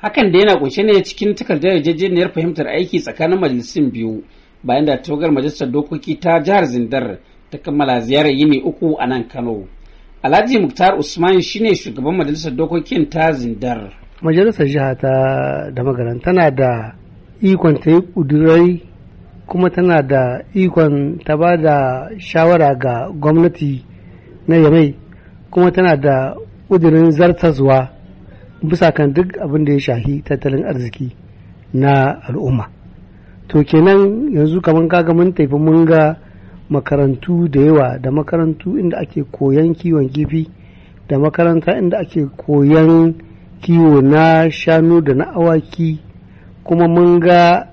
hakan da yana kunshe ne cikin takardar yarjejeniyar fahimtar aiki tsakanin majalisun biyu bayan da tawagar majalisar dokoki ta jihar zindar ta kammala ziyarar yini uku a nan kano alhaji muktar usman shine shugaban majalisar dokokin ta zindar majalisar jiha ta da magaran tana da ikon ta yi kudurai kuma tana da ikon ta ba da shawara ga gwamnati na yamai kuma tana da ƙudirin zartaswa bisa kan duk abin da ya shahi tattalin arziki na al'umma to kenan yanzu kamar kaga mun tafi mun ga makarantu da yawa da makarantu inda ake koyan kiwon kifi da makaranta inda ake koyan kiwo na shanu da na awaki kuma mun ga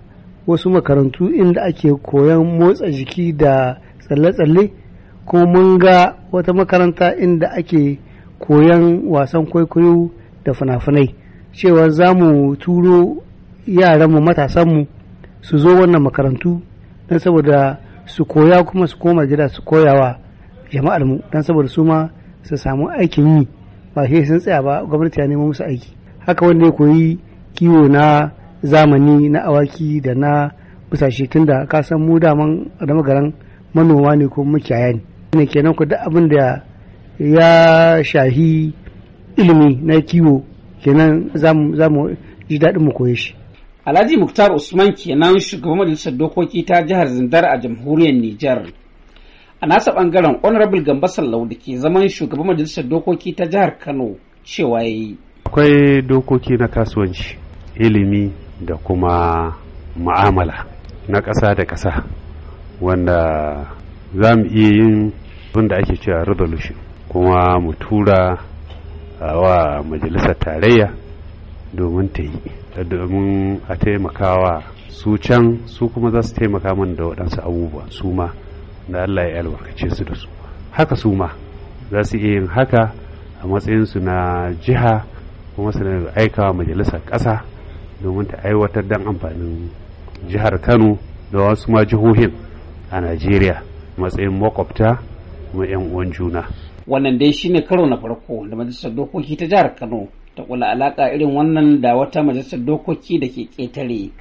wasu makarantu inda ake koyan motsa jiki da tsalle-tsalle kuma mun ga wata makaranta inda ake koyan wasan kwaikwayo da fina-finai cewa za mu turo yaranmu matasanmu su zo wannan makarantu don saboda su koya kuma su koma gida su koyawa jama'ar mu don saboda su ma su samu aikin yi ba shi sun tsaya ba gwamnati ya nemo musu aiki haka wanda ya koyi kiwo na zamani na awaki da na busashe tunda ka san mu daman garan manoma ne ko makiyaya ne kenan ku da abin da ya shahi ilimi na kiwo kenan za mu ji daɗin mu koyi shi. Alhaji Muktar Usman kenan shugaban majalisar dokoki ta jihar Zindar a jamhuriyar Nijar. A nasa bangaren Honorable Gamba Sallau da ke zaman shugaban majalisar dokoki ta jihar Kano cewa ya yi. Akwai dokoki na kasuwanci, ilimi da kuma ma'amala na ƙasa da ƙasa wanda za mu iya yin abin da ake cewa resolution kuma mu tura wa majalisar tarayya domin ta yi domin a taimakawa su can su kuma za su taimaka mun da waɗansu abubuwa su ma da Allah ya albarkace su da su haka su ma za su iya yin haka a matsayinsu na jiha kuma su aika wa majalisar ƙasa domin ta aiwatar dan amfanin jihar kano da wasu ma jihohin a najeriya matsayin makwabta kuma 'yan uwan juna wannan dai shi ne karo na farko da majalisar dokoki ta jihar kano ta kula alaka irin wannan da wata majalisar dokoki da ke ketare